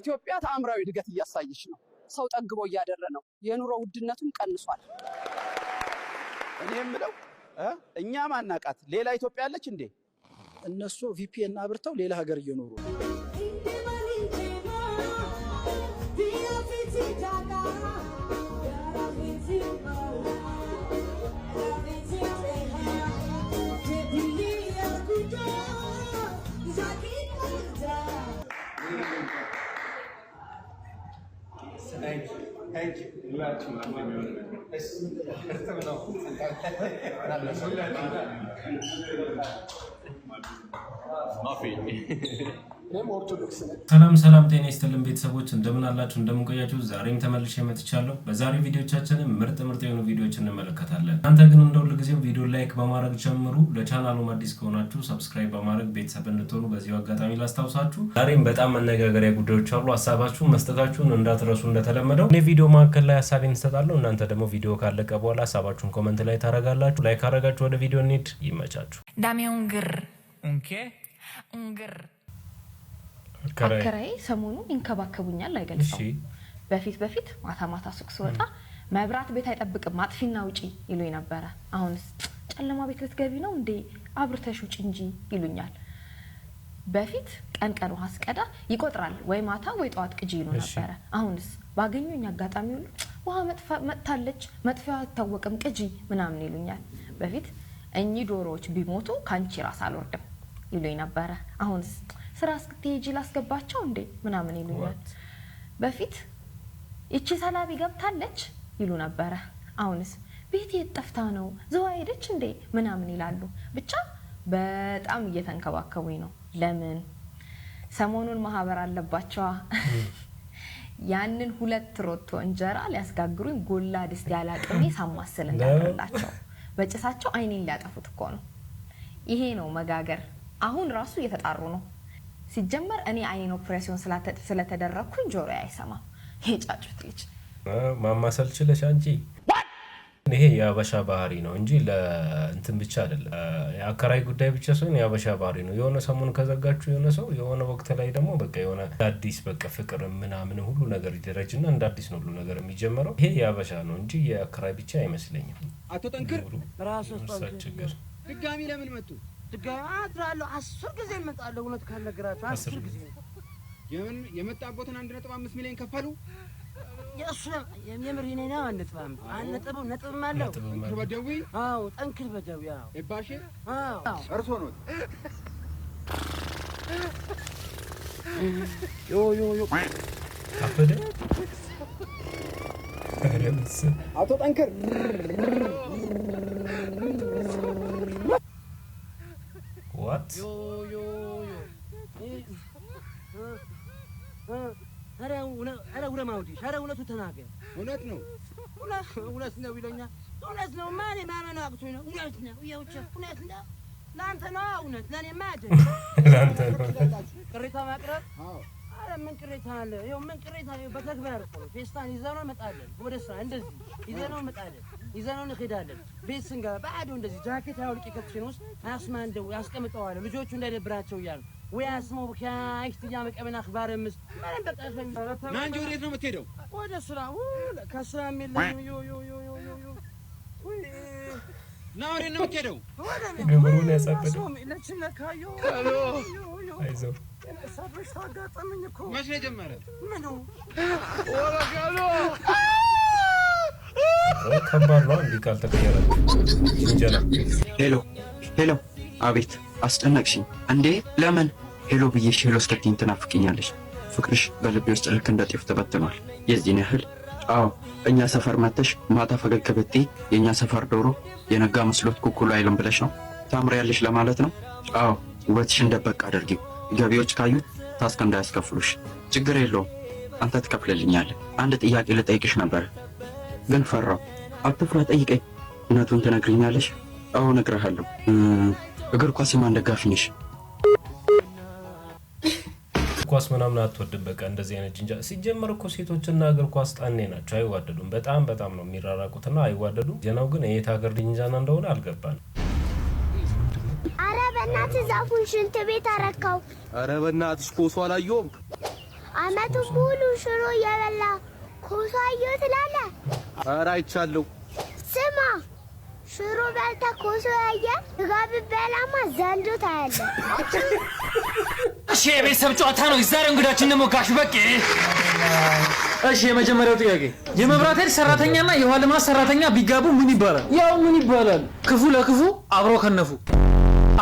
ኢትዮጵያ ተአምራዊ እድገት እያሳየች ነው። ሰው ጠግቦ እያደረ ነው። የኑሮ ውድነቱም ቀንሷል። እኔ የምለው እኛ ማናቃት ሌላ ኢትዮጵያ አለች እንዴ? እነሱ ቪፒኤን አብርተው ሌላ ሀገር እየኖሩ ነው። Thank you. Thank you. Mafi. ሰላም ሰላም፣ ጤና ይስጥልን ቤተሰቦች እንደምን አላችሁ? እንደምን ቆያችሁ? ዛሬም ተመልሼ መጥቻለሁ። በዛሬው ቪዲዮቻችንን ምርጥ ምርጥ የሆኑ ቪዲዮዎች እንመለከታለን። እናንተ ግን እንደ ጊዜው ቪዲዮ ላይክ በማድረግ ጀምሩ። ለቻናሉም አዲስ ከሆናችሁ ሰብስክራይብ በማድረግ ቤተሰብ እንድትሆኑ በዚሁ አጋጣሚ ላስታውሳችሁ። ዛሬም በጣም መነጋገሪያ ጉዳዮች አሉ። ሀሳባችሁ መስጠታችሁን እንዳትረሱ። እንደተለመደው እኔ ቪዲዮ መካከል ላይ ሀሳቤን እንሰጣለሁ። እናንተ ደግሞ ቪዲዮ ካለቀ በኋላ ሀሳባችሁን ኮመንት ላይ ታረጋላችሁ። ላይክ አረጋችሁ። ወደ ቪዲዮ እንሂድ። ይመቻችሁ። ዳሜውን ግር አከራዬ ሰሞኑ ይንከባከቡኛል አይገልጸው። በፊት በፊት ማታ ማታ ሱቅ ስወጣ መብራት ቤት አይጠብቅም አጥፊና ውጪ ይሉኝ ነበረ። አሁንስ ጨለማ ቤት ልትገቢ ነው እንዴ አብርተሽ ውጭ እንጂ ይሉኛል። በፊት ቀን ቀን ውሃ ስቀዳ ይቆጥራል ወይ ማታ ወይ ጠዋት ቅጂ ይሉ ነበረ። አሁንስ ባገኙኝ አጋጣሚ ሁሉ ውሃ መጥታለች፣ መጥፊያ አይታወቅም፣ ቅጂ ምናምን ይሉኛል። በፊት እኚህ ዶሮዎች ቢሞቱ ከአንቺ ራስ አልወርድም ይሉኝ ነበረ። አሁንስ ስራ እስክትሄጂ ላስገባቸው እንዴ ምናምን ይሉኛል። በፊት ይቺ ሰላቢ ገብታለች ይሉ ነበረ። አሁንስ ቤት የት ጠፍታ ነው ዘዋ ሄደች እንዴ ምናምን ይላሉ። ብቻ በጣም እየተንከባከቡኝ ነው። ለምን ሰሞኑን ማህበር አለባቸዋ። ያንን ሁለት ሮቶ እንጀራ ሊያስጋግሩኝ ጎላ ድስት ያለ አቅሜ ሳማስል እንዳላቸው በጭሳቸው አይኔን ሊያጠፉት እኮ ነው። ይሄ ነው መጋገር። አሁን ራሱ እየተጣሩ ነው። ሲጀመር እኔ አይኔን ኦፕሬሽን ስለተደረግኩኝ ጆሮ አይሰማም። ይሄ ጫጩት ልጅ ማማሰል ችለሽ አንቺ። ይሄ የአበሻ ባህሪ ነው እንጂ ለእንትን ብቻ አይደለም፣ የአከራይ ጉዳይ ብቻ ሳይሆን የአበሻ ባህሪ ነው። የሆነ ሰሞን ከዘጋችሁ የሆነ ሰው የሆነ ወቅት ላይ ደግሞ በቃ የሆነ አዲስ በቃ ፍቅር ምናምን ሁሉ ነገር ይደረጅ እና እንደ አዲስ ነው ሁሉ ነገር የሚጀምረው። ይሄ የአበሻ ነው እንጂ የአከራይ ብቻ አይመስለኝም። አቶ ጠንክር ራሱ ችግር ድጋሚ ለምን መጡ? ትገባትራለሁ አስር ጊዜ እመጣለሁ። እውነት ካልነገራችሁ አስር ጊዜ የመጣበትን አንድ ነጥብ አምስት ሚሊዮን ከፈሉ። የእሱ የምር የእኔ ነው። አንድ ነጥብ አምስት ነጥብም አለው። ጠንክር በደዊ አዎ፣ ጠንክር በደዊ አዎ። ባሼ አዎ፣ እርሶ ነው። ዮ ዮ ዮ ከፈለ አቶ ጠንክር አባት ኧረ ውረማ እውነቱ ተናገር። እውነት ነው እውነት ነው ይለኛል። እውነት ነው ማን ማመን አቅቶኝ ነው። እውነት ነው ይኸውቼ፣ እውነት ነው ለአንተ ነዋ። እውነት ለእኔማ ቅሬታ ማቅረብ ምን ቅሬታ አለ? ይኸው ምን ቅሬታ በተግባር እኮ ነው። ፌስታን ይዘነው እመጣለን። ወደ እሷ እንደዚህ ይዘነው እመጣለን ይዘነው እንሄዳለን። ቤት ስንገባ ባዶ እንደዚህ ጃኬት አውልቄ ከትሽን ውስጥ አስማንደው ያስቀምጠዋለሁ ልጆቹ እንዳይደብራቸው እያሉ ወይ አስመው ከአይክት እያመቀበን አክባር ምስ ማን ጆሬት ነው የምትሄደው? ወደ ስራ ከስራ የለኝም ና ወዴት ነው የምትሄደው? ግብሩን ያጸብደው አይዞህ መቼ ጀመረ? ከባድ ነው። እንዲህ ተቀየረ። እንጀራ። ሄሎ ሄሎ፣ አቤት አስጨነቅሽኝ እንዴ! ለምን ሄሎ ብዬሽ ሄሎ እስከቲኝ ትናፍቅኛለሽ። ፍቅርሽ በልቤ ውስጥ ልክ እንደ ጤፍ ተበትኗል። የዚህን ያህል? አዎ እኛ ሰፈር መተሽ ማታ ፈገግ ከበጤ የእኛ ሰፈር ዶሮ የነጋ መስሎት ኩኩሉ አይልም ብለሽ ነው ታምሪያለሽ ለማለት ነው። አዎ ውበትሽ እንደበቅ አድርጊው፣ ገቢዎች ካዩት ታስከ እንዳያስከፍሉሽ። ችግር የለውም አንተ ትከፍልልኛለህ። አንድ ጥያቄ ልጠይቅሽ ነበር ግን ፈራው። አትፍራ፣ ጠይቀኝ። እውነቱን ትነግሪኛለሽ? አዎ እነግርሃለሁ። እግር ኳስ የማን ደጋፊ ነሽ? ኳስ ምናምን አትወድም። በቃ እንደዚህ አይነት ጅንጃ። ሲጀመር እኮ ሴቶችና እግር ኳስ ጣኔ ናቸው፣ አይዋደዱም። በጣም በጣም ነው የሚራራቁትና አይዋደዱም። ዜናው ግን የት ሀገር ጅንጃና እንደሆነ አልገባን። አረ በእናትህ ዛፉን ሽንት ቤት አረካው። አረ በእናትሽ ኮሶ አላየሁም። አመቱን ሙሉ ሽሮ እየበላ ኮሶ አየሁ ትላለህ። ኧረ አይቻለሁ። ስማ ሽሮ በልታ ኮሶ ያየ ጋብ በላማ ዘንዶ ታያለ። እሺ የቤተሰብ ጨዋታ ነው። ዛሬ እንግዳችን ደግሞ ጋሽ በቄ። እሺ የመጀመሪያው ጥያቄ የመብራት ኃይል ሰራተኛና የውሃ ልማት ሰራተኛ ቢጋቡ ምን ይባላል? ያው ምን ይባላል? ክፉ ለክፉ አብሮ ከነፉ።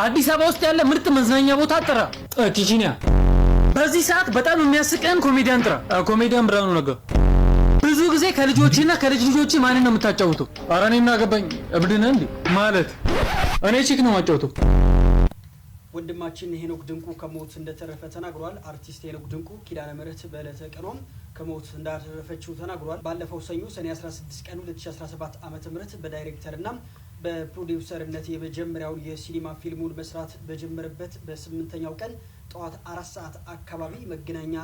አዲስ አበባ ውስጥ ያለ ምርጥ መዝናኛ ቦታ ጥራ። ኪቺኒያ። በዚህ ሰዓት በጣም የሚያስቀን ኮሜዲያን ጥራ። ኮሜዲያን ብርሃኑ ነጋ ጊዜ ከልጆችና ከልጅ ልጆች ማንን ነው የምታጫውተው? ኧረ እኔ ምን እብድነ እንዲ ማለት እኔ ቺክ ነው የማጫውተው። ወንድማችን ሄኖክ ድንቁ ከሞት እንደተረፈ ተናግሯል። አርቲስት ሄኖክ ድንቁ ኪዳነ ምሕረት በዕለተ ቀኗም ከሞት እንዳተረፈችው ተናግሯል። ባለፈው ሰኞ ሰኔ 16 ቀን 2017 ዓ ም በዳይሬክተርና በፕሮዲውሰርነት የመጀመሪያውን የሲኒማ ፊልሙን መስራት በጀመረበት በስምንተኛው ቀን ጠዋት አራት ሰዓት አካባቢ መገናኛ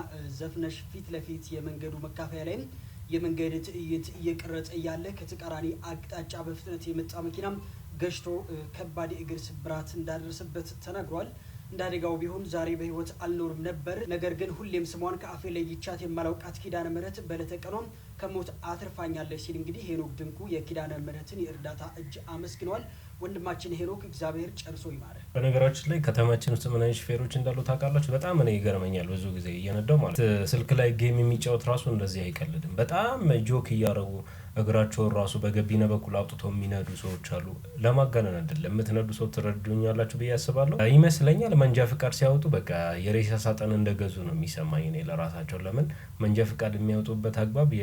ዘፍነሽ ፊት ለፊት የመንገዱ መካፈያ ላይም የመንገድ ትዕይንት እየቀረጸ ያለ ከተቃራኒ አቅጣጫ በፍጥነት የመጣ መኪናም ገጭቶ ከባድ የእግር ስብራት እንዳደረሰበት ተናግሯል። እንዳደጋው ቢሆን ዛሬ በህይወት አልኖርም ነበር። ነገር ግን ሁሌም ስሟን ከአፌ ለይቻት የማላውቃት ኪዳነ ምሕረት በዕለተ ቀኗም ከሞት አትርፋኛለች ሲል እንግዲህ ሄኖክ ድንቁ የኪዳነ ምሕረትን የእርዳታ እጅ አመስግኗል። ወንድማችን ሄኖክ እግዚአብሔር ጨርሶ ይማረ። በነገራችን ላይ ከተማችን ውስጥ ምን አይነት ሹፌሮች እንዳሉ ታውቃላችሁ? በጣም እኔ ይገርመኛል። ብዙ ጊዜ እየነዳው ማለት ስልክ ላይ ጌም የሚጫወት ራሱ እንደዚህ አይቀልድም። በጣም ጆክ እያረጉ እግራቸውን ራሱ በገቢነ በኩል አውጥቶ የሚነዱ ሰዎች አሉ። ለማጋነን አይደለም። የምትነዱ ሰው ትረዱኛላችሁ ብዬ አስባለሁ። ይመስለኛል መንጃ ፍቃድ ሲያወጡ በቃ የሬሳ ሳጥን እንደገዙ ነው የሚሰማኝ እኔ ለራሳቸው። ለምን መንጃ ፍቃድ የሚያወጡበት አግባብ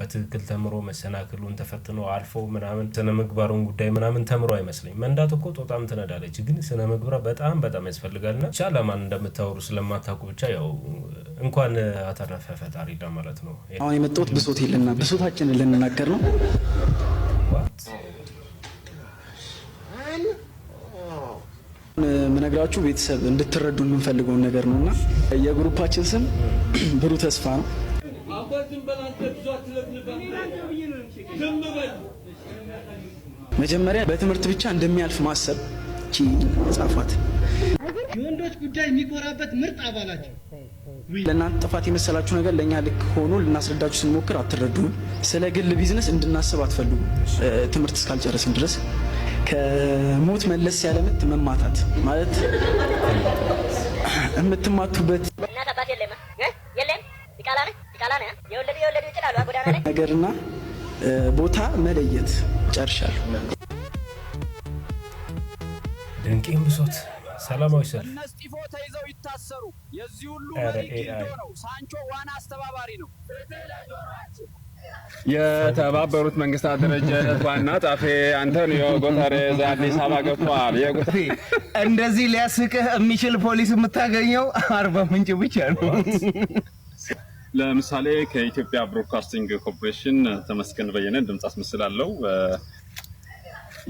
በትክክል ተምሮ መሰናክሉን ተፈትኖ አልፎ ምናምን ስነ ምግባሩን ጉዳይ ምናምን ተምሮ አይመስለኝ። መንዳት እኮ ጦጣም ትነዳለች፣ ግን ስነ ምግባር በጣም በጣም ያስፈልጋልና ብቻ ለማን እንደምታወሩ ስለማታውቁ ብቻ ያው እንኳን አተረፈ ፈጣሪ ለማለት ነው። አሁን የመጣሁት ብሶት የለና ብሶታችንን ልንናገር ነው። ምነግራችሁ ቤተሰብ እንድትረዱ የምንፈልገውን ነገር ነው እና የግሩፓችን ስም ብሩህ ተስፋ ነው። መጀመሪያ በትምህርት ብቻ እንደሚያልፍ ማሰብ ጻፏት። የወንዶች ጉዳይ የሚኮራበት ምርጥ አባላቸው። ለእናንተ ጥፋት የመሰላችሁ ነገር ለእኛ ልክ ሆኖ ልናስረዳችሁ ስንሞክር አትረዱም። ስለ ግል ቢዝነስ እንድናስብ አትፈልጉም። ትምህርት እስካልጨረስን ድረስ ከሞት መለስ ያለ ምት መማታት ማለት የምትማቱበት ነገርና ቦታ መለየት ጨርሻል። ድንቄም ብሶት ሰላማዊ ሰልፍ እነ እስጢፎ ተይዘው ይታሰሩ። የዚህ ሁሉ መሪ ጊዶ ነው። ሳንቾ ዋና አስተባባሪ ነው። የተባበሩት መንግስታት ድርጅት ዋና ጻፌ አንቶኒዮ ጉተሬዝ አዲስ አበባ ገብቷል። እንደዚህ ሊያስቅህ የሚችል ፖሊስ የምታገኘው አርባ ምንጭ ብቻ ነው። ለምሳሌ ከኢትዮጵያ ብሮድካስቲንግ ኮርፖሬሽን ተመስገን በየነ ድምፅ አስመስላለሁ።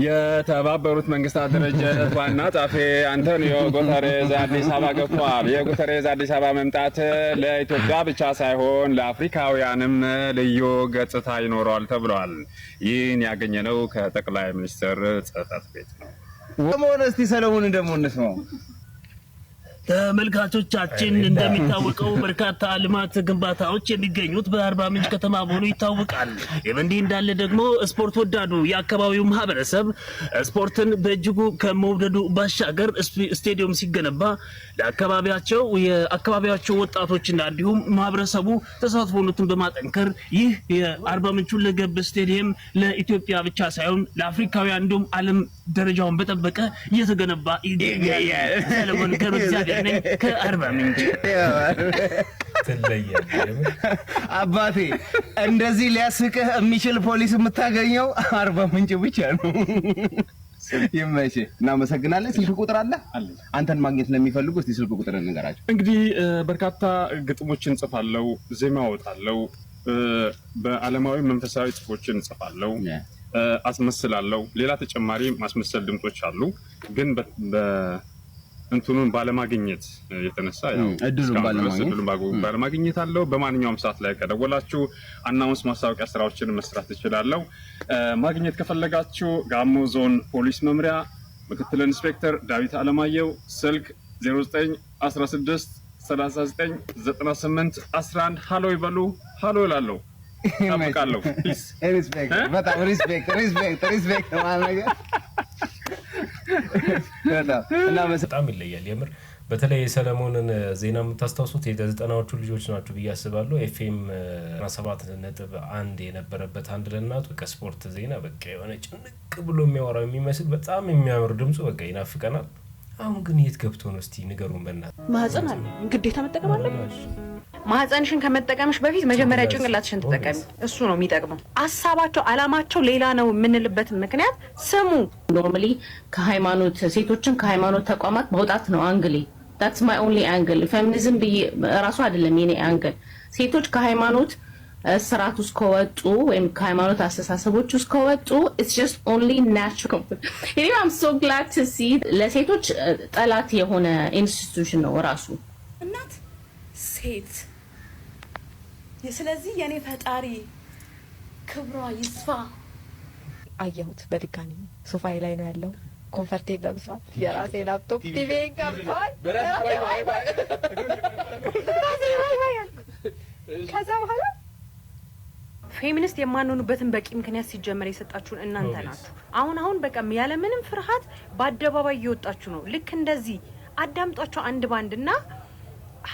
የተባበሩት መንግስታት ድርጅት ዋና ጻፌ አንቶኒዮ ጉተሬዝ አዲስ አበባ ገብቷል። የጉተሬዝ አዲስ አበባ መምጣት ለኢትዮጵያ ብቻ ሳይሆን ለአፍሪካውያንም ልዩ ገጽታ ይኖረዋል ተብሏል። ይህን ያገኘነው ከጠቅላይ ሚኒስትር ጽህፈት ቤት ነው። ሰለሞን፣ እስቲ ሰለሞን እንደሞ እንስማው ተመልካቾቻችን እንደሚታወቀው በርካታ ልማት ግንባታዎች የሚገኙት በአርባ ምንጭ ከተማ መሆኑ ይታወቃል። ይህ እንዳለ ደግሞ ስፖርት ወዳዱ የአካባቢው ማህበረሰብ ስፖርትን በእጅጉ ከመውደዱ ባሻገር ስቴዲየም ሲገነባ ለአካባቢያቸው የአካባቢያቸው ወጣቶችና እንዲሁም ማህበረሰቡ ተሳትፎነቱን በማጠንከር ይህ የአርባ ምንጩን ለገብ ስቴዲየም ለኢትዮጵያ ብቻ ሳይሆን ለአፍሪካውያን እንዲሁም ዓለም ደረጃውን በጠበቀ እየተገነባ ይገኛል። ሰለሞን ከሩ እግዚአብሔር ነኝ ከአርባ ምንጭ አባቴ። እንደዚህ ሊያስቅህ የሚችል ፖሊስ የምታገኘው አርባ ምንጭ ብቻ ነው። ይመቼ እናመሰግናለን። ስልክ ቁጥር አለ? አንተን ማግኘት ለሚፈልጉ እስቲ ስልክ ቁጥር እንገራቸው። እንግዲህ በርካታ ግጥሞችን ጽፋለው፣ ዜማ ወጣለው፣ በአለማዊ መንፈሳዊ ጽፎችን እንጽፋለው፣ አስመስላለው። ሌላ ተጨማሪ ማስመሰል ድምጾች አሉ ግን እንትኑን ባለማግኘት የተነሳ እድሉን ባለማግኘት አለው። በማንኛውም ሰዓት ላይ ከደወላችሁ አናውንስ ማስታወቂያ ስራዎችን መስራት ይችላለው። ማግኘት ከፈለጋችሁ ጋሞ ዞን ፖሊስ መምሪያ ምክትል ኢንስፔክተር ዳዊት አለማየሁ ስልክ 0916 11 ሀሎ ይበሉ። ሀሎ ይላለው ጠብቃለሁ። ሪስፔክት በጣም ሪስፔክት ሪስፔክት ሪስፔክት ማለት ነገር በጣም ይለያል የምር። በተለይ የሰለሞንን ዜና የምታስታውሱት የዘጠናዎቹ ልጆች ናችሁ ብዬ አስባለሁ። ኤፍኤም ሰባት ነጥብ አንድ የነበረበት አንድ ለእናቱ ከስፖርት ዜና በቃ የሆነ ጭንቅ ብሎ የሚያወራው የሚመስል በጣም የሚያምር ድምፁ በቃ ይናፍቀናል። አሁን ግን የት ገብቶ ነው? እስቲ ንገሩን በእናትህ። ማህፀን አለ ግዴታ መጠቀም አለብን። ማህፀንሽን ከመጠቀምሽ በፊት መጀመሪያ ጭንቅላትሽን ተጠቀሚ። እሱ ነው የሚጠቅመው። አሳባቸው አላማቸው ሌላ ነው የምንልበት ምክንያት ስሙ። ኖርማሊ ከሃይማኖት ሴቶችን ከሃይማኖት ተቋማት መውጣት ነው አንግሌ። ታትስ ማይ ኦንሊ አንግል። ፌሚኒዝም ብዬ ራሱ አይደለም የኔ አንግል። ሴቶች ከሃይማኖት ስርዓት ውስጥ ከወጡ ወይም ከሃይማኖት አስተሳሰቦች ውስጥ ከወጡ ኢትስ ጀስት ኦንሊ ናቹራል። አም ሶ ግላድ ቱ ሲ ለሴቶች ጠላት የሆነ ኢንስቲቱሽን ነው ራሱ እናት ሴት ስለዚህ የኔ ፈጣሪ ክብሯ ይስፋ። አየሁት በድጋሚ ሶፋዬ ላይ ነው ያለው። ኮንፈርቴ ለብሷል። የራሴ ላፕቶፕ ቲቪ ከዛ በኋላ ፌሚኒስት የማንሆኑበትን በቂ ምክንያት ሲጀመር የሰጣችሁን እናንተ ናችሁ። አሁን አሁን በቃ ያለምንም ፍርሃት በአደባባይ እየወጣችሁ ነው። ልክ እንደዚህ አዳምጧቸው አንድ ባንድ እና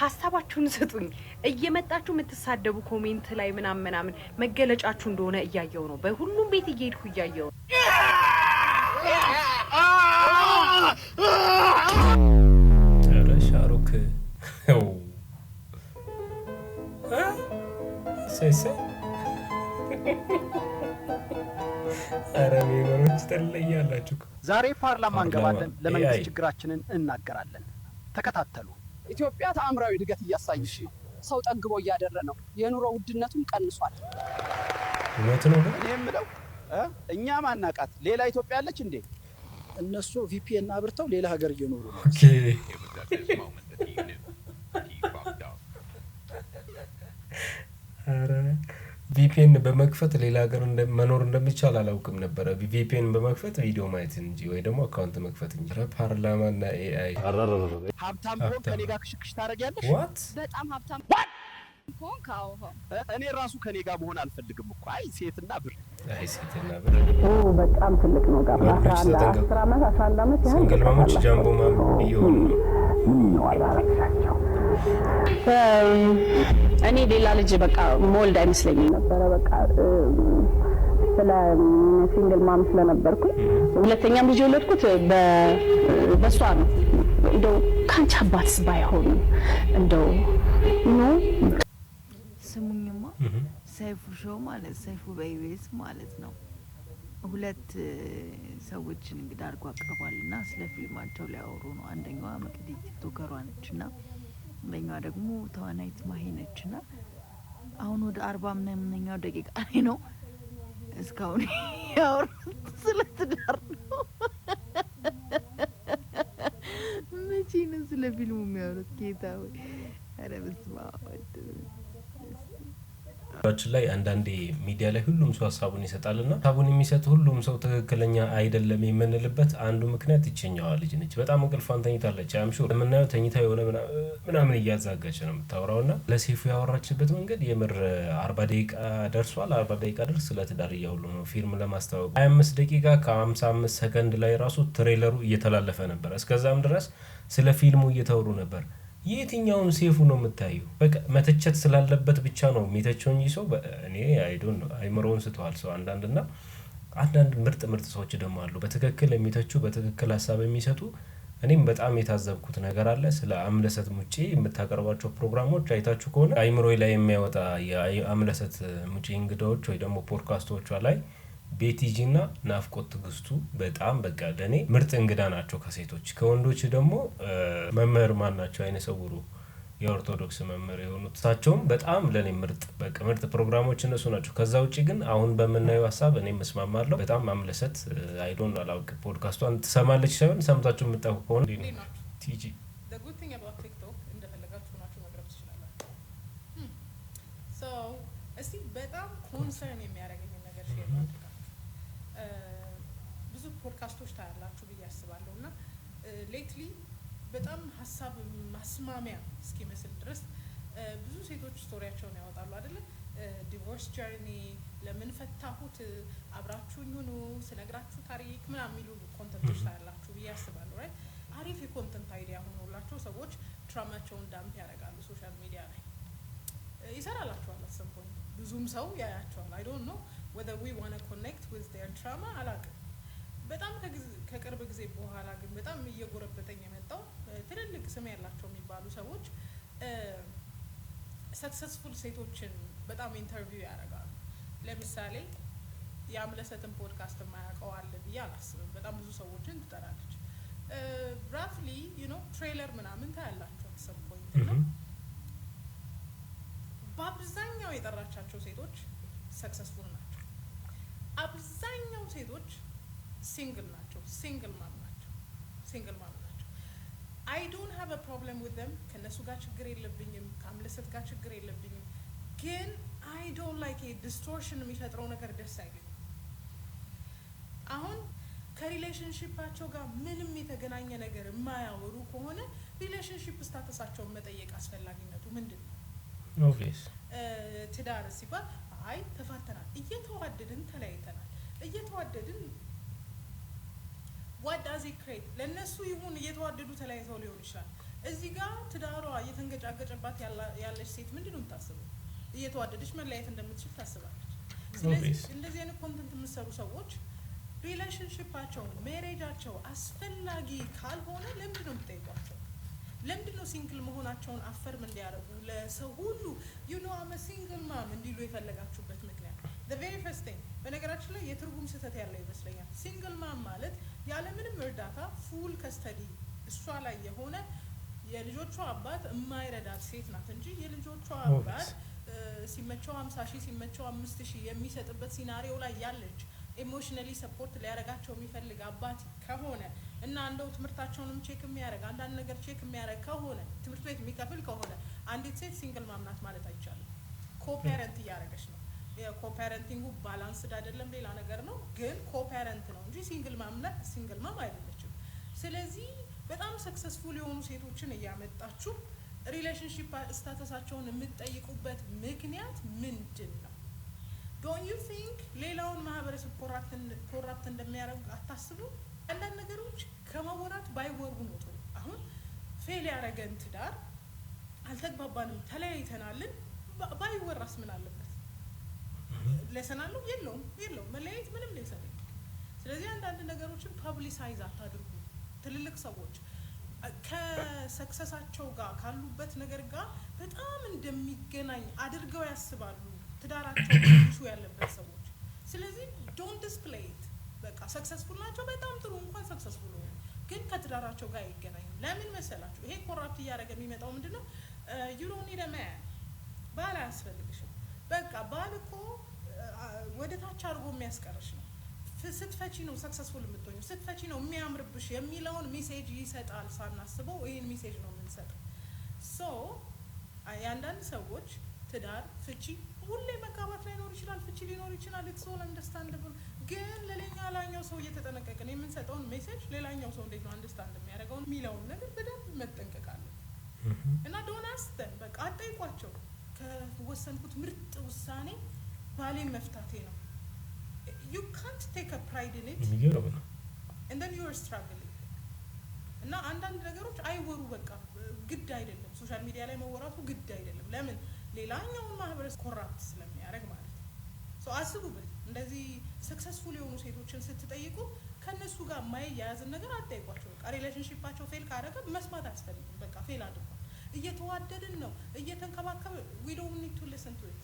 ሀሳባችሁን ስጡኝ። እየመጣችሁ የምትሳደቡ ኮሜንት ላይ ምናምን ምናምን መገለጫችሁ እንደሆነ እያየው ነው። በሁሉም ቤት እየሄድኩ እያየው ነው። ሻሩክ ዛሬ ፓርላማ እንገባለን። ለመንግስት ችግራችንን እናገራለን። ተከታተሉ። ኢትዮጵያ ተአምራዊ እድገት እያሳየች ነው። ሰው ጠግቦ እያደረ ነው። የኑሮ ውድነቱም ቀንሷል። እውነት ነው። እኔ የምለው እኛ ማናቃት ሌላ ኢትዮጵያ አለች እንዴ? እነሱ ቪፒኤን አብርተው ሌላ ሀገር እየኖሩ ነው። ኦኬ ቪፒኤን በመክፈት ሌላ ሀገር መኖር እንደሚቻል አላውቅም ነበረ። ቪፒኤን በመክፈት ቪዲዮ ማየት እንጂ ወይ ደግሞ አካውንት መክፈት እንጂ። ፓርላማ እና ኤአይ ሀብታም ሆን ከኔ ጋር ክሽክሽ ታደርጊያለሽ። በጣም ሀብታም እኔ ራሱ ከኔ ጋር መሆን አልፈልግም እኮ። አይ ሴትና ብር፣ አይ ሴትና ብር በጣም ትልቅ ነው። ጋር አስር አመት አስራ አንድ አመት ያህል ገለማሞች ጃምቦ ማም ብየሆኑ ነው እኔ ሌላ ልጅ በቃ መወልድ አይመስለኝም ነበረ። በቃ ስለ ሲንግል ማም ስለነበርኩኝ ሁለተኛም ልጅ የወለድኩት በእሷ ነው። እንደው ከአንቺ አባትስ ባይሆኑ እንደው ኑ ስሙኝማ፣ ሰይፉ ሾው ማለት ሰይፉ በኢቢኤስ ማለት ነው። ሁለት ሰዎችን እንግዲህ አድርጎ አቅርቧል እና ስለ ፊልማቸው ሊያወሩ ነው። አንደኛዋ መቅዲ ቲክቶከሯ ነች እና አንደኛዋ ደግሞ ተዋናይት ማሄ ነች አሁን ወደ አርባ ምናምነኛው ደቂቃ ላይ ነው እስካሁን ያወሩት ስለ ትዳር ነው። መቼ ነው ስለ ፊልሙ የሚያወሩት? ጌታ ወይ ኧረ በስመ አብ ችን ላይ አንዳንዴ ሚዲያ ላይ ሁሉም ሰው ሀሳቡን ይሰጣል እና ሀሳቡን የሚሰጥ ሁሉም ሰው ትክክለኛ አይደለም የምንልበት አንዱ ምክንያት ይቸኛዋ ልጅ ነች። በጣም እንቅልፏን ተኝታለች። አምሹ የምናየው ተኝታ የሆነ ምናምን እያዛጋች ነው የምታወራው ና ለሴፉ ያወራችበት መንገድ የምር አርባ ደቂቃ ደርሷል። አርባ ደቂቃ ደርስ ስለትዳር እያሁሉ ነው ፊልም ለማስታወቅ ሀያ አምስት ደቂቃ ከሀምሳ አምስት ሰከንድ ላይ ራሱ ትሬለሩ እየተላለፈ ነበር። እስከዛም ድረስ ስለ ፊልሙ እየተወሩ ነበር። የትኛውን ሴፉ ነው የምታየው? በቃ መተቸት ስላለበት ብቻ ነው የሚተቸው እንጂ ሰው እኔ አይዶን አይምሮውን ስተዋል ሰው አንዳንድ እና አንዳንድ ምርጥ ምርጥ ሰዎች ደግሞ አሉ በትክክል የሚተቹ በትክክል ሀሳብ የሚሰጡ እኔም በጣም የታዘብኩት ነገር አለ። ስለ አምለሰት ሙጪ የምታቀርባቸው ፕሮግራሞች አይታችሁ ከሆነ አይምሮ ላይ የሚያወጣ የአምለሰት ሙጪ እንግዳዎች ወይ ደግሞ ፖድካስቶቿ ላይ ቤቲጂ እና ናፍቆት ትግስቱ በጣም በቃ ለእኔ ምርጥ እንግዳ ናቸው ከሴቶች። ከወንዶች ደግሞ መምህር ማን ናቸው አይነ ሰውሩ የኦርቶዶክስ መምህር የሆኑት እሳቸውም በጣም ለእኔ ምርጥ በቃ ምርጥ ፕሮግራሞች እነሱ ናቸው። ከዛ ውጭ ግን አሁን በምናየው ሀሳብ እኔ መስማማለሁ። በጣም አምለሰት አይዶን አላውቅ። ፖድካስቷን ትሰማለች ሳይሆን ሰምታችሁ የምታውቁ ከሆነ ቲጂ hmm. በጣም መስማሚያ እስኪመስል ድረስ ብዙ ሴቶች ስቶሪያቸውን ያወጣሉ አይደለም ዲቮርስ ጀርኒ ለምን ፈታሁት፣ አብራችሁኝ ሁኑ፣ ስነግራችሁ ታሪክ ምናምን የሚሉ ኮንተንቶች ታያላችሁ ብዬ አስባለሁ። ራይት አሪፍ የኮንተንት አይዲያ ሆኖላቸው ሰዎች ትራማቸውን ዳምፕ ያደርጋሉ ሶሻል ሚዲያ ላይ ይሰራላችኋል። አሰብኮኝ ብዙም ሰው ያያቸዋል። አይ ዶንት ኖ ወዘር ዊ ዋና ኮኔክት ዊዝ ዴር ትራማ አላውቅም በጣም ከቅርብ ጊዜ በኋላ ግን በጣም እየጎረበተኝ የመጣው ትልልቅ ስም ያላቸው የሚባሉ ሰዎች ሰክሰስፉል ሴቶችን በጣም ኢንተርቪው ያደርጋሉ። ለምሳሌ የአምለሰትን ፖድካስት የማያውቀው አለ ብዬ አላስብም። በጣም ብዙ ሰዎችን ትጠራለች። ራፍሊ ዩኖ ትሬለር ምናምን ታያላቸው ሰም ፖይንት ነው። በአብዛኛው የጠራቻቸው ሴቶች ሰክሰስፉል ናቸው። አብዛኛው ሴቶች ሲንግል ናቸው። ሲንግል ማም ናቸው። ሲንግል ማም ናቸው። አይ ዶንት ሃቭ አ ፕሮብለም ዊዝ ዘም። ከእነሱ ጋር ችግር የለብኝም። ከአምለሰት ጋር ችግር የለብኝም። ግን አይ ዶንት ላይክ ዲስቶርሽን የሚፈጥረው ነገር ደስ አይለኝም። አሁን ከሪሌሽንሽፓቸው ጋር ምንም የተገናኘ ነገር የማያወሩ ከሆነ ሪሌሽንሽፕ ስታተሳቸውን መጠየቅ አስፈላጊነቱ ምንድን ነው? ትዳር ሲባል አይ ተፋተናል፣ እየተዋደድን ተለያይተናል፣ እየተዋደድን ዋዳዜ ክሬት ለእነሱ ይሁን እየተዋደዱ ተለያይተው ሊሆን ይችላል። እዚህ ጋር ትዳሯ እየተንገጫገጨባት ያለች ሴት ምንድን ነው የምታስበው? እየተዋደደች መለያየት እንደምትችል ታስባለች። ስለዚህ እንደዚህ አይነት ኮንተንት የምትሰሩ ሰዎች ሪሌሽንሽፓቸው ሜሬጃቸው አስፈላጊ ካልሆነ ለምንድን ነው የምትጠይቋቸው? ለምንድን ነው ሲንግል መሆናቸውን አፈርም እንዲያደርጉ ለሰው ሁሉ ዩኖ አመ ሲንግል ማም እንዲሉ የፈለጋችሁበት ቬሪ ፈርስት ቲንግ በነገራችን ላይ የትርጉም ስህተት ያለው ይመስለኛል። ሲንግል ማም ማለት ያለምንም እርዳታ ፉል ከስተዲ እሷ ላይ የሆነ የልጆቿ አባት የማይረዳት ሴት ናት እንጂ የልጆቿ oh, አባት uh, ሲመቸው ሀምሳ ሺህ ሲመቸው አምስት ሺህ የሚሰጥበት ሲናሪዮ ላይ ያለች ኢሞሽነሊ ሰፖርት ሊያደርጋቸው የሚፈልግ አባት ከሆነ እና እንደው ትምህርታቸውንም ቼክ የሚያደርግ አንዳንድ ነገር ቼክ የሚያደርግ ከሆነ ትምህርት ቤት የሚከፍል ከሆነ አንዲት ሴት ሲንግል ማምናት ማለት አይቻልም። ኮፔረንት እያደረገች ነው የኮፓረንቲንጉ ባላንስድ አይደለም፣ ሌላ ነገር ነው። ግን ኮፓረንት ነው እንጂ ሲንግል ማም ሲንግል ማም አይደለችም። ስለዚህ በጣም ሰክሰስፉል የሆኑ ሴቶችን እያመጣችሁ ሪሌሽንሽፕ ስታተሳቸውን የምትጠይቁበት ምክንያት ምንድን ነው? ዶን ዩ ቲንክ ሌላውን ማህበረሰብ ኮራፕት እንደሚያደርግ አታስቡ። አንዳንድ ነገሮች ከመወራት ባይወሩ ነው ጥሩ። አሁን ፌል ያደረገን ትዳር አልተግባባንም፣ ተለያይተናልን ባይወራስ ምን አለበት? ይለሰናሉ? የለውም የለውም። መለያየት ምንም ሊሰን። ስለዚህ አንዳንድ ነገሮችን ፐብሊሳይዝ አታድርጉ። ትልልቅ ሰዎች ከሰክሰሳቸው ጋር ካሉበት ነገር ጋር በጣም እንደሚገናኝ አድርገው ያስባሉ ትዳራቸው ሹ ያለበት ሰዎች። ስለዚህ ዶንት ዲስፕሌይት በቃ ሰክሰስፉል ናቸው በጣም ጥሩ እንኳን ሰክሰስፉል ሆኑ፣ ግን ከትዳራቸው ጋር አይገናኙ። ለምን መሰላችሁ? ይሄ ኮራፕት እያደረገ የሚመጣው ምንድን ነው? ዩሮኒ ለመያ ባል አያስፈልግሽም። በቃ ባል እኮ ወደ ታች አድርጎ የሚያስቀርሽ ነው። ስትፈቺ ነው ሰክሰስፉል የምትሆኝ፣ ስትፈቺ ነው የሚያምርብሽ የሚለውን ሜሴጅ ይሰጣል። ሳናስበው ይህን ሜሴጅ ነው የምንሰጠው። ሶ የአንዳንድ ሰዎች ትዳር ፍቺ ሁሌ መጋባት ላይኖር ይችላል፣ ፍቺ ሊኖር ይችላል። የተሰሆነ አንደርስታንድብል ግን ለሌኛ ላኛው ሰው እየተጠነቀቅን የምንሰጠውን ሜሴጅ ሌላኛው ሰው እንዴት ነው አንደርስታንድ የሚያደርገው የሚለውን ነገር በደንብ መጠንቀቃለን እና ዶናስተን በቃ አጠይቋቸው ከወሰንኩት ምርጥ ውሳኔ ባሌ መፍታቴ ነው። ዩ ካንት ቴክ አ ፕራይድ ኢን ኢት የሚገርም ነው። ኤንድ ዩ አር ስትራግሊንግ እና አንዳንድ ነገሮች አይወሩ በቃ ግድ አይደለም። ሶሻል ሚዲያ ላይ መወራቱ ግድ አይደለም። ለምን ሌላኛውን ማህበረሰብ ኮራፕት ስለሚያደርግ ማለት ነው። አስቡበት። እንደዚህ ሰክሰስፉል የሆኑ ሴቶችን ስትጠይቁ ከእነሱ ጋር የማይያያዝን ነገር አጠይቋቸው በቃ ሪሌሽንሽፓቸው ፌል ካደረገ መስማት አያስፈልግም። በቃ ፌል አድርጓል፣ እየተዋደድን ነው፣ እየተንከባከብ ዊ ዶንት ኒድ ቱ ሊስን ቱ ኢት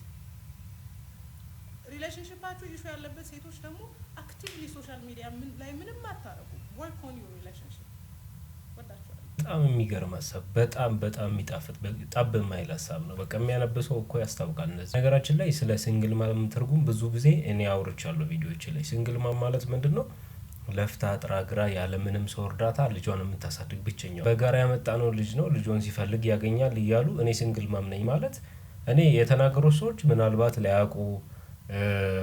ሪሌሽንሽፓችሁ ኢሹ ያለበት ሴቶች ደግሞ አክቲቭሊ ሶሻል ሚዲያ ላይ ምንም አታረጉ። ወርክ ኦን ዩር ሪሌሽንሽፕ። በጣም የሚገርም ሀሳብ፣ በጣም በጣም የሚጣፍጥ ጣብ የማይል ሀሳብ ነው። በቃ የሚያነብሰው እኮ ያስታውቃል። እነዚህ ነገራችን ላይ ስለ ሲንግል ማም ትርጉም ብዙ ጊዜ እኔ አውርቻለሁ ቪዲዮች ላይ። ሲንግል ማም ማለት ምንድን ነው? ለፍታ ጥራ ግራ ያለምንም ሰው እርዳታ ልጇን የምታሳድግ ብቸኛው በጋራ ያመጣነው ልጅ ነው። ልጇን ሲፈልግ ያገኛል እያሉ እኔ ሲንግል ማም ነኝ ማለት እኔ የተናገሩት ሰዎች ምናልባት ላያውቁ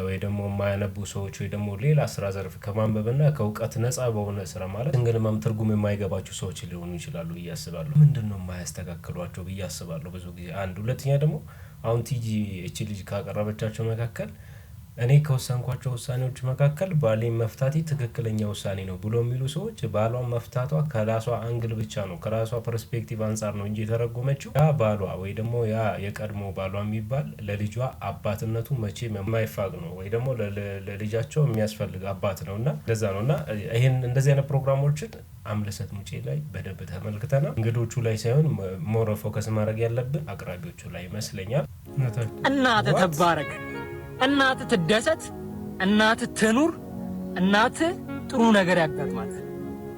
ወይ ደግሞ የማያነቡ ሰዎች ወይ ደግሞ ሌላ ስራ ዘርፍ ከማንበብና ከእውቀት ነፃ በሆነ ስራ ማለት እንግልማም ትርጉም የማይገባቸው ሰዎች ሊሆኑ ይችላሉ ብዬ አስባለሁ። ነው የማያስተካክሏቸው ብዬ አስባለሁ? ብዙ ጊዜ አንድ ሁለተኛ ደግሞ አሁን ቲጂ እቺ ልጅ ካቀረበቻቸው መካከል እኔ ከወሰንኳቸው ውሳኔዎች መካከል ባሌን መፍታቴ ትክክለኛ ውሳኔ ነው ብሎ የሚሉ ሰዎች ባሏን መፍታቷ ከራሷ አንግል ብቻ ነው ከራሷ ፐርስፔክቲቭ አንጻር ነው እንጂ የተረጎመችው ያ ባሏ ወይ ደግሞ ያ የቀድሞ ባሏ የሚባል ለልጇ አባትነቱ መቼ የማይፋቅ ነው ወይ ደግሞ ለልጃቸው የሚያስፈልግ አባት ነው እና እንደዛ ነው እና ይህን እንደዚህ አይነት ፕሮግራሞችን አምለሰት ሙጬ ላይ በደንብ ተመልክተናል። እንግዶቹ ላይ ሳይሆን ሞረ ፎከስ ማድረግ ያለብን አቅራቢዎቹ ላይ ይመስለኛል። እናተ ተባረክ። እናት ትደሰት፣ እናት ትኑር፣ እናት ጥሩ ነገር ያጋጥማት፣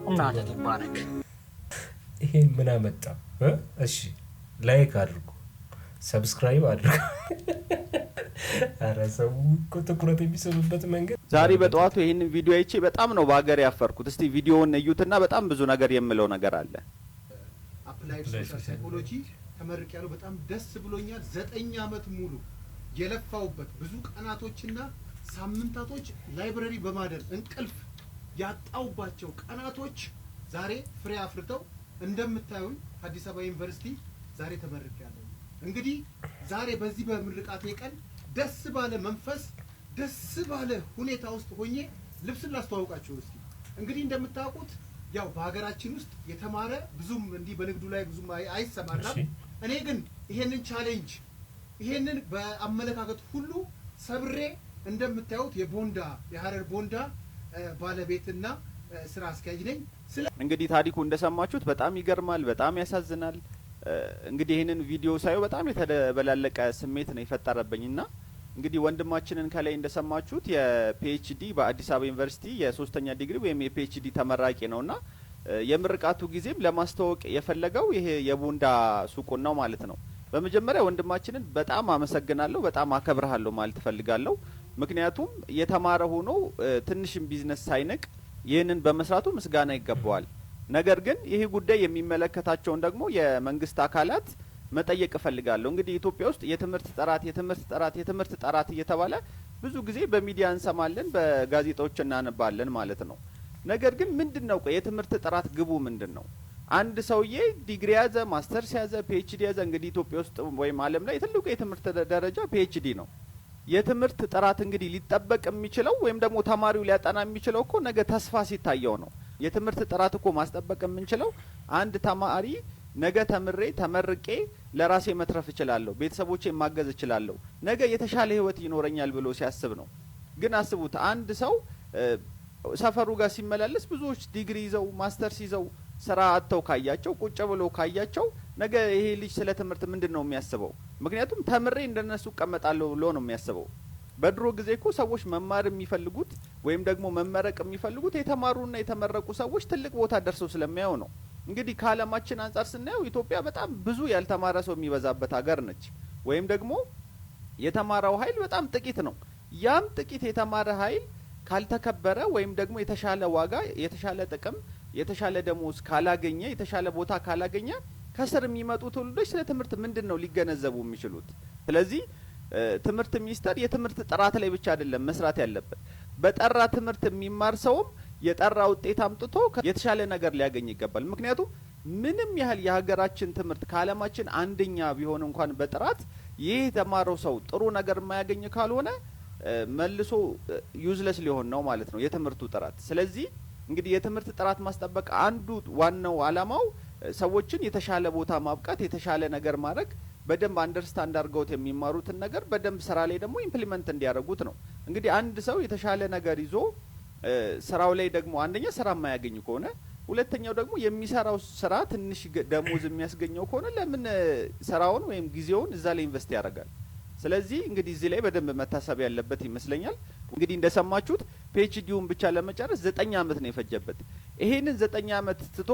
እናት ትባረክ። ይሄ ምን አመጣ? እሺ ላይክ አድርጉ፣ ሰብስክራይብ አድርጉ። ኧረ ሰው እኮ ትኩረት የሚሰሩበት መንገድ ዛሬ በጠዋቱ ይህንን ቪዲዮ አይቼ በጣም ነው በሀገር ያፈርኩት። እስቲ ቪዲዮውን እዩትና በጣም ብዙ ነገር የምለው ነገር አለ። አፕላይድ ሶሻል ሳይኮሎጂ ተመርቅ ያለው በጣም ደስ ብሎኛል። ዘጠኝ አመት ሙሉ የለፋውበት ብዙ ቀናቶችና ሳምንታቶች ላይብረሪ በማደር እንቅልፍ ያጣውባቸው ቀናቶች ዛሬ ፍሬ አፍርተው እንደምታዩን አዲስ አበባ ዩኒቨርሲቲ ዛሬ ተመርቄያለሁ። እንግዲህ ዛሬ በዚህ በምርቃቴ ቀን ደስ ባለ መንፈስ ደስ ባለ ሁኔታ ውስጥ ሆኜ ልብስን ላስተዋውቃችሁ። እስኪ እንግዲህ እንደምታውቁት ያው በሀገራችን ውስጥ የተማረ ብዙም እንዲህ በንግዱ ላይ ብዙም አይሰማራም። እኔ ግን ይሄንን ቻሌንጅ ይሄንን በአመለካከት ሁሉ ሰብሬ እንደምታዩት የቦንዳ የሀረር ቦንዳ ባለቤትና ስራ አስኪያጅ ነኝ። እንግዲህ ታሪኩ እንደሰማችሁት በጣም ይገርማል፣ በጣም ያሳዝናል። እንግዲህ ይህንን ቪዲዮ ሳየው በጣም የተበላለቀ ስሜት ነው የፈጠረብኝ ና እንግዲህ ወንድማችንን ከላይ እንደሰማችሁት የፒኤችዲ በአዲስ አበባ ዩኒቨርሲቲ የሶስተኛ ዲግሪ ወይም የፒኤችዲ ተመራቂ ነውና የምርቃቱ ጊዜም ለማስተዋወቅ የፈለገው ይሄ የቦንዳ ሱቁን ነው ማለት ነው። በመጀመሪያ ወንድማችንን በጣም አመሰግናለሁ፣ በጣም አከብርሃለሁ ማለት እፈልጋለሁ። ምክንያቱም የተማረ ሆኖ ትንሽም ቢዝነስ ሳይንቅ ይህንን በመስራቱ ምስጋና ይገባዋል። ነገር ግን ይህ ጉዳይ የሚመለከታቸውን ደግሞ የመንግስት አካላት መጠየቅ እፈልጋለሁ። እንግዲህ ኢትዮጵያ ውስጥ የትምህርት ጥራት የትምህርት ጥራት የትምህርት ጥራት እየተባለ ብዙ ጊዜ በሚዲያ እንሰማለን፣ በጋዜጦች እናነባለን ማለት ነው። ነገር ግን ምንድን ነው የትምህርት ጥራት ግቡ ምንድን ነው? አንድ ሰውዬ ዲግሪ ያዘ፣ ማስተርስ ሲያዘ ፒኤችዲ ያዘ። እንግዲህ ኢትዮጵያ ውስጥ ወይም ዓለም ላይ ትልቁ የትምህርት ደረጃ ፒኤችዲ ነው። የትምህርት ጥራት እንግዲህ ሊጠበቅ የሚችለው ወይም ደግሞ ተማሪው ሊያጠና የሚችለው እኮ ነገ ተስፋ ሲታየው ነው። የትምህርት ጥራት እኮ ማስጠበቅ የምንችለው አንድ ተማሪ ነገ ተምሬ ተመርቄ ለራሴ መትረፍ እችላለሁ፣ ቤተሰቦቼ ማገዝ እችላለሁ፣ ነገ የተሻለ ህይወት ይኖረኛል ብሎ ሲያስብ ነው። ግን አስቡት አንድ ሰው ሰፈሩ ጋር ሲመላለስ ብዙዎች ዲግሪ ይዘው ማስተርስ ይዘው ስራ አጥተው ካያቸው ቁጭ ብሎ ካያቸው ነገ ይሄ ልጅ ስለ ትምህርት ምንድን ነው የሚያስበው? ምክንያቱም ተምሬ እንደነሱ እቀመጣለሁ ብሎ ነው የሚያስበው። በድሮ ጊዜ እኮ ሰዎች መማር የሚፈልጉት ወይም ደግሞ መመረቅ የሚፈልጉት የተማሩና የተመረቁ ሰዎች ትልቅ ቦታ ደርሰው ስለሚያዩ ነው። እንግዲህ ከዓለማችን አንጻር ስናየው ኢትዮጵያ በጣም ብዙ ያልተማረ ሰው የሚበዛበት ሀገር ነች። ወይም ደግሞ የተማረው ኃይል በጣም ጥቂት ነው። ያም ጥቂት የተማረ ኃይል ካልተከበረ ወይም ደግሞ የተሻለ ዋጋ የተሻለ ጥቅም የተሻለ ደሞዝ ካላገኘ የተሻለ ቦታ ካላገኘ ከስር የሚመጡ ትውልዶች ስለ ትምህርት ምንድን ነው ሊገነዘቡ የሚችሉት? ስለዚህ ትምህርት ሚኒስቴር የትምህርት ጥራት ላይ ብቻ አይደለም መስራት ያለበት። በጠራ ትምህርት የሚማር ሰውም የጠራ ውጤት አምጥቶ የተሻለ ነገር ሊያገኝ ይገባል። ምክንያቱም ምንም ያህል የሀገራችን ትምህርት ከዓለማችን አንደኛ ቢሆን እንኳን በጥራት ይህ የተማረው ሰው ጥሩ ነገር የማያገኝ ካልሆነ መልሶ ዩዝለስ ሊሆን ነው ማለት ነው የትምህርቱ ጥራት ስለዚህ እንግዲህ የትምህርት ጥራት ማስጠበቅ አንዱ ዋናው አላማው ሰዎችን የተሻለ ቦታ ማብቃት፣ የተሻለ ነገር ማድረግ በደንብ አንደርስታንድ አድርገውት የሚማሩትን ነገር በደንብ ስራ ላይ ደግሞ ኢምፕሊመንት እንዲያደርጉት ነው። እንግዲህ አንድ ሰው የተሻለ ነገር ይዞ ስራው ላይ ደግሞ አንደኛ ስራ የማያገኝ ከሆነ ሁለተኛው ደግሞ የሚሰራው ስራ ትንሽ ደሞዝ የሚያስገኘው ከሆነ ለምን ስራውን ወይም ጊዜውን እዛ ላይ ኢንቨስት ያደርጋል? ስለዚህ እንግዲህ እዚህ ላይ በደንብ መታሰብ ያለበት ይመስለኛል። እንግዲህ እንደሰማችሁት ፒኤችዲውን ብቻ ለመጨረስ ዘጠኝ ዓመት ነው የፈጀበት። ይሄንን ዘጠኝ ዓመት ትቶ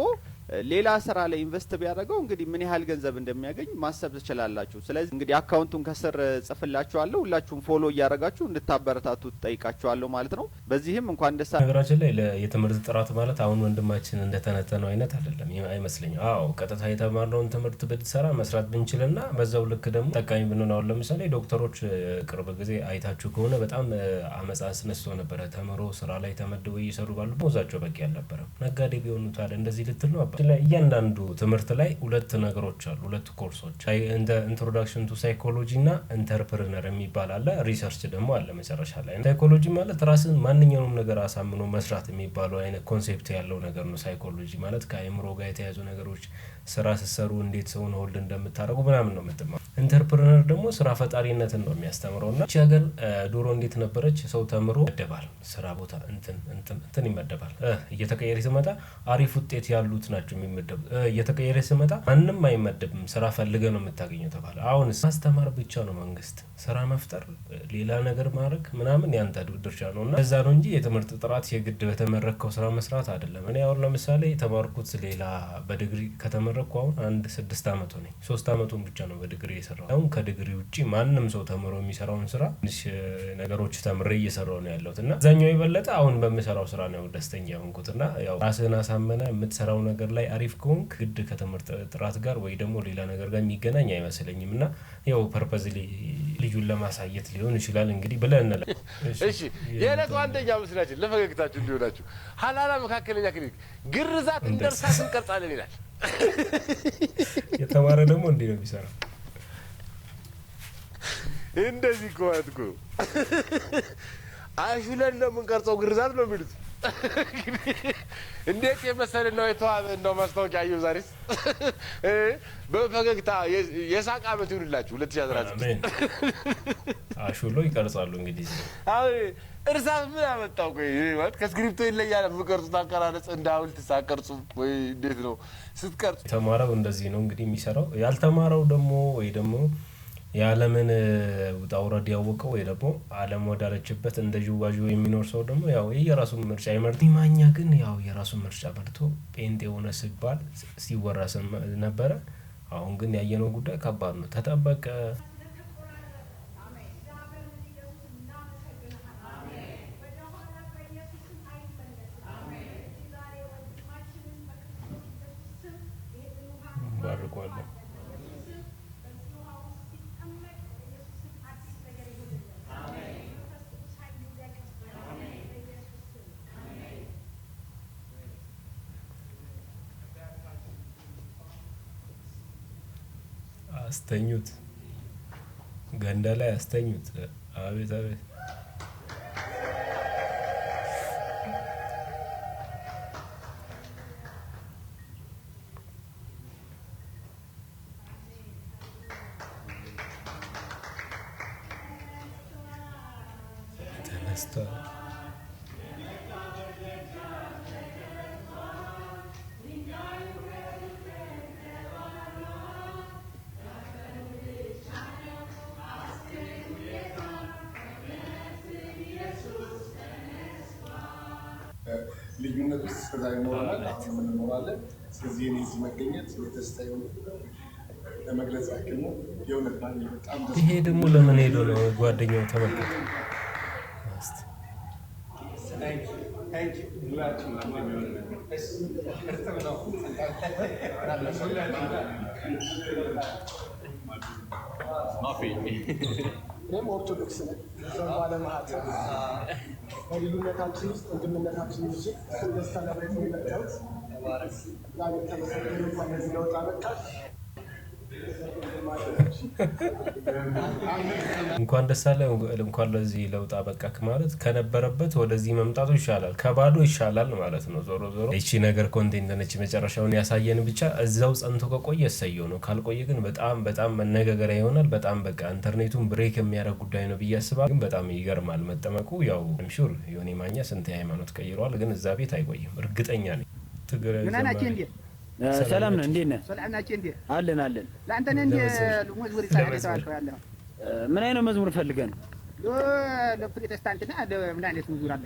ሌላ ስራ ላይ ኢንቨስት ቢያደርገው እንግዲህ ምን ያህል ገንዘብ እንደሚያገኝ ማሰብ ትችላላችሁ። ስለዚህ እንግዲህ አካውንቱን ከስር ጽፍላችኋለሁ። ሁላችሁም ፎሎ እያደረጋችሁ እንድታበረታቱ ትጠይቃችኋለሁ ማለት ነው። በዚህም እንኳን ደሳ ነገራችን ላይ የትምህርት ጥራት ማለት አሁን ወንድማችን እንደተነተነው አይነት አይደለም አይመስለኝም። አዎ ቀጥታ የተማርነውን ትምህርት ብትሰራ መስራት ብንችልና በዛው ልክ ደግሞ ጠቃሚ ብንሆን፣ አሁን ለምሳሌ ዶክተሮች ቅርብ ጊዜ አይታችሁ ከሆነ በጣም አመፃ አስነስቶ ነበረ። ተምሮ ስራ ላይ ተመድበው እየሰሩ ባሉ መዛቸው በቂ አልነበረም። ነጋዴ ቢሆኑ ታዲያ እንደዚህ ልትል ነው በነገራችን ላይ እያንዳንዱ ትምህርት ላይ ሁለት ነገሮች አሉ፣ ሁለት ኮርሶች እንደ ኢንትሮዳክሽን ቱ ሳይኮሎጂ እና ኢንተርፕርነር የሚባል አለ፣ ሪሰርች ደግሞ አለ መጨረሻ ላይ። ሳይኮሎጂ ማለት ራስን ማንኛውም ነገር አሳምኖ መስራት የሚባለው አይነት ኮንሴፕት ያለው ነገር ነው። ሳይኮሎጂ ማለት ከአእምሮ ጋር የተያዙ ነገሮች ስራ ስትሰሩ እንዴት ሰውን ሆልድ እንደምታደርጉ ምናምን ነው የምትማ ኢንተርፕርነር ደግሞ ስራ ፈጣሪነትን ነው የሚያስተምረው። እና እቺ ሀገር ዶሮ እንዴት ነበረች? ሰው ተምሮ ይመደባል፣ ስራ ቦታ እንትን እንትን እንትን ይመደባል። እየተቀየረ ስመጣ አሪፍ ውጤት ያሉት ናቸው የሚመደቡ። እየተቀየረ ስመጣ ማንም አይመደብም፣ ስራ ፈልገ ነው የምታገኘው ተባለ። አሁን ማስተማር ብቻ ነው መንግስት፣ ስራ መፍጠር፣ ሌላ ነገር ማድረግ ምናምን ያንተ ድርሻ ነው እና እዛ ነው እንጂ የትምህርት ጥራት የግድ በተመረከው ስራ መስራት አይደለም። እኔ አሁን ለምሳሌ የተማርኩት ሌላ በድግሪ ከተመረ ያደረግኩ አሁን አንድ ስድስት አመቱ ነኝ። ሶስት አመቱን ብቻ ነው በድግሪ የሰራው። አሁን ከድግሪ ውጭ ማንም ሰው ተምሮ የሚሰራውን ስራ ትንሽ ነገሮች ተምሬ እየሰራው ነው ያለሁት እና አብዛኛው የበለጠ አሁን በምሰራው ስራ ነው ደስተኛ ሆንኩት እና ያው ራስህን አሳመነ የምትሰራው ነገር ላይ አሪፍ ከሆንክ ግድ ከትምህርት ጥራት ጋር ወይ ደግሞ ሌላ ነገር ጋር የሚገናኝ አይመስለኝም እና ያው ፐርፐዝሊ ልዩን ለማሳየት ሊሆን ይችላል እንግዲህ ብለን እንለ እሺ፣ የዕለቱ አንደኛ ምስላችን ለፈገግታችሁ እንዲሆናችሁ ሀላላ መካከለኛ ክሊኒክ ግርዛት እንደርሳት እንቀርጻለን ይላል። የተማረ ደግሞ እንዲህ ነው የሚሰራው። እንደዚህ ከሆነት አሹለን ነው የምንቀርጸው ግርዛት ነው የሚሉት። እንዴት የመሰለ ነው የተዋበ እንደው ማስታወቂያ አየሁ ዛሬስ በፈገግታ የሳቅ አመት ይሁንላችሁ 2019 አሹሎ ይቀርጻሉ። እንግዲህ አይ እርሳስ ምን አመጣው? ቆይ ማለት ከስክሪፕቶ ይለያል የምቀርጹት አቀራረጽ። እንደ ሀውልት ሳቀርጹ ወይ እንዴት ነው ስትቀርጹ? የተማረው እንደዚህ ነው እንግዲህ የሚሰራው። ያልተማረው ደግሞ ወይ ደግሞ የዓለምን ውጣ ውረድ ያወቀው ወይ ደግሞ አለም ወዳለችበት እንደ ዥዋዥ የሚኖር ሰው ደግሞ ያው የራሱ ምርጫ ይመርጥ። ዲማኛ ግን ያው የራሱን ምርጫ መርቶ ጴንጤ የሆነ ሲባል ሲወራ ነበረ። አሁን ግን ያየነው ጉዳይ ከባድ ነው። ተጠበቀ ባርቋለሁ። አስተኙት ገንዳ ላይ አስተኙት አቤት አቤት ልዩነት ውስጥ እስከዛ ይኖረናል፣ አሁን እንኖራለን። ስለዚህ እኔ እዚህ መገኘት የተስታ ለመግለጽ ያክል ነው። የእውነት በጣም ይሄ ደግሞ ለምን ሄዶ ነው ጓደኛው ተመልከተ ማፊ በልዩነታችን ውስጥ ወንድምነታችን ምሽት ደስታ ለማየት የሚመጣውት ዛሬ ተመሰግኖ ለዚህ ለውጥ አበቃል። እንኳን ደስ አለ እንኳን ለዚህ ለውጥ አበቃክ ማለት ከነበረበት ወደዚህ መምጣቱ ይሻላል፣ ከባዶ ይሻላል ማለት ነው። ዞሮ ዞሮ ይቺ ነገር ኮንቴንት ነች፣ መጨረሻውን ያሳየን ብቻ። እዛው ጸንቶ ከቆየ እሰየው ነው፣ ካልቆየ ግን በጣም በጣም መነጋገሪያ ይሆናል። በጣም በቃ ኢንተርኔቱን ብሬክ የሚያደርግ ጉዳይ ነው ብዬ አስባለሁ። ግን በጣም ይገርማል መጠመቁ። ያው ምሹር የሆነ ማኛ ስንት ሃይማኖት ቀይረዋል፣ ግን እዛ ቤት አይቆይም፣ እርግጠኛ ነኝ። ሰላም ነው። እንዴት ነህ? ሰላም እንዴ? አለን አለን። ለአንተ ነህ እንዴ መዝሙር ምን አይነት መዝሙር ፈልገን? ለፕሮቴስታንት ለምን አይነት መዝሙር አለ?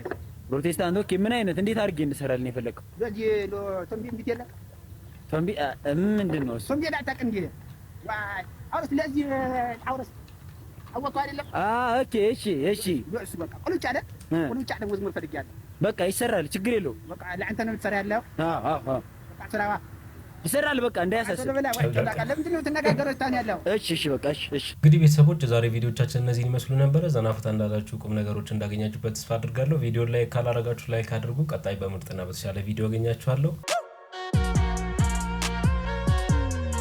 ፕሮቴስታንት። ኦኬ። ምን አይነት እንዴት አድርጌ እንድሰራልን የፈለግከው? ለዚህ ለቶምቢን ቢቴላ ቶምቢ ምንድን ነው ቶምቢ ዳታቅ እንዴ? ኦኬ። እሺ እሺ። በቃ መዝሙር በቃ ይሰራል፣ ችግር የለውም። በቃ ለአንተ ነው የምትሰራ ያለው? አዎ አዎ ስራዋ ይሰራል። በቃ እንዳያሳስብ። እሺ እሺ፣ በቃ እሺ እሺ። እንግዲህ ቤተሰቦች የዛሬ ቪዲዮቻችን እነዚህን ይመስሉ ነበረ። ዘናፍታ እንዳላችሁ ቁም ነገሮች እንዳገኛችሁበት ተስፋ አድርጋለሁ። ቪዲዮ ላይ ካላረጋችሁ ላይክ አድርጉ። ቀጣይ በምርጥና በተሻለ ቪዲዮ አገኛችኋለሁ።